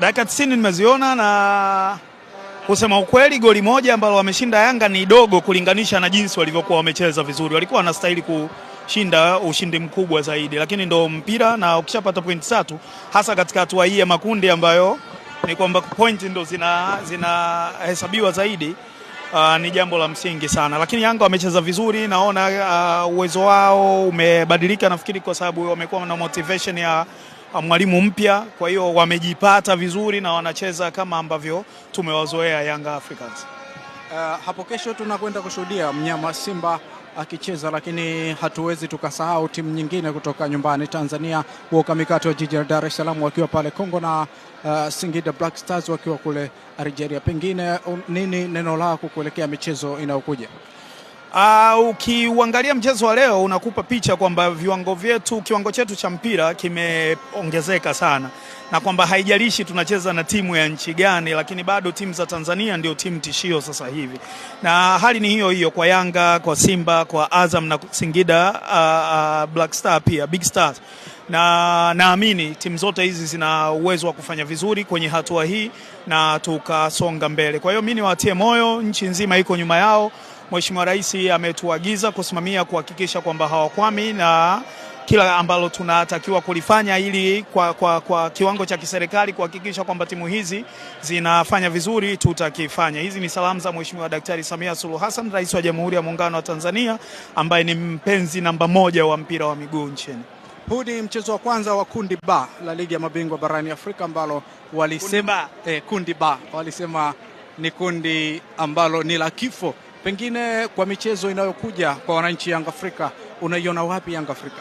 dakika 90 nimeziona na kusema ukweli, goli moja ambalo wameshinda Yanga ni dogo kulinganisha na jinsi walivyokuwa wamecheza vizuri. Walikuwa wanastahili kushinda ushindi mkubwa zaidi, lakini ndo mpira, na ukishapata point tatu, hasa katika hatua hii ya makundi ambayo ni kwamba point ndo zinahesabiwa zina zaidi, uh, ni jambo la msingi sana, lakini Yanga wamecheza vizuri, naona uh, uwezo wao umebadilika, nafikiri kwa sababu wamekuwa na motivation ya Ah, mwalimu mpya, kwa hiyo wamejipata vizuri na wanacheza kama ambavyo tumewazoea Young Africans. Uh, hapo kesho tunakwenda kushuhudia mnyama Simba akicheza, lakini hatuwezi tukasahau timu nyingine kutoka nyumbani Tanzania, Boka Mikato wa jiji la Dar es Salaam wakiwa pale Kongo na uh, Singida Black Stars wakiwa kule Algeria. Pengine um, nini neno lako kuelekea michezo inayokuja? Uh, ukiuangalia mchezo wa leo unakupa picha kwamba viwango vyetu, kiwango chetu cha mpira kimeongezeka sana, na kwamba haijalishi tunacheza na timu ya nchi gani, lakini bado timu za Tanzania ndio timu tishio sasa hivi, na hali ni hiyo hiyo kwa Yanga, kwa Simba, kwa Azam na Singida uh, uh, Black Star pia Big Stars na naamini timu zote hizi zina uwezo wa kufanya vizuri kwenye hatua hii na tukasonga mbele. Kwa hiyo mimi niwatie moyo, nchi nzima iko nyuma yao. Mheshimiwa Rais ametuagiza kusimamia kuhakikisha kwamba hawakwami na kila ambalo tunatakiwa kulifanya ili kwa, kwa, kwa kiwango cha kiserikali kuhakikisha kwamba timu hizi zinafanya vizuri tutakifanya. Hizi ni salamu za Mheshimiwa Daktari Samia Suluhu Hassan, Rais wa Jamhuri ya Muungano wa Tanzania, ambaye ni mpenzi namba moja wa mpira wa miguu nchini. Huu ni mchezo wa kwanza wa kundi ba la ligi ya mabingwa barani Afrika ambalo walisema kundi ba, eh, kundi ba walisema ni kundi ambalo ni la kifo Pengine kwa michezo inayokuja kwa wananchi Yanga Afrika, unaiona wapi Yanga Afrika?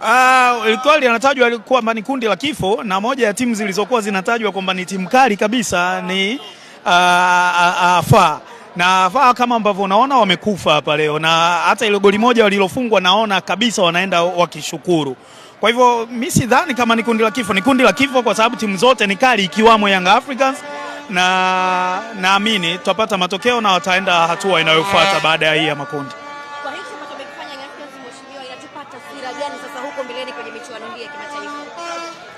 Uh, ah, ilikuwa linatajwa kwamba ni kundi la kifo na moja ya timu zilizokuwa zinatajwa kwamba ni timu kali kabisa ni uh, ah, uh, ah, uh, fa na faa kama ambavyo unaona wamekufa hapa leo, na hata ile goli moja walilofungwa naona kabisa wanaenda wakishukuru. Kwa hivyo mi sidhani kama ni kundi la kifo. Ni kundi la kifo kwa sababu timu zote ni kali, ikiwamo Young Africans na naamini tutapata matokeo na wataenda hatua inayofuata eh. baada ya hii ya makundi.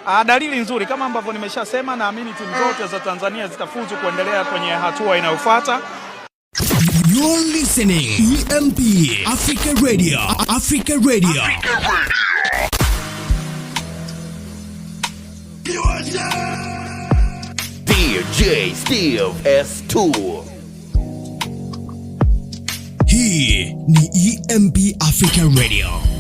Kwa ah, Dalili nzuri kama ambavyo nimeshasema, naamini timu eh. zote za Tanzania zitafuzu kuendelea kwenye hatua inayofuata. You're listening EMP Africa Radio Africa Radio Africa Radio DJ Steve S2. Hii ni EMP Africa Radio.